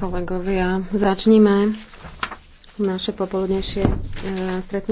Kolegovia, začnime naše popoludnejšie eh, stretnutie.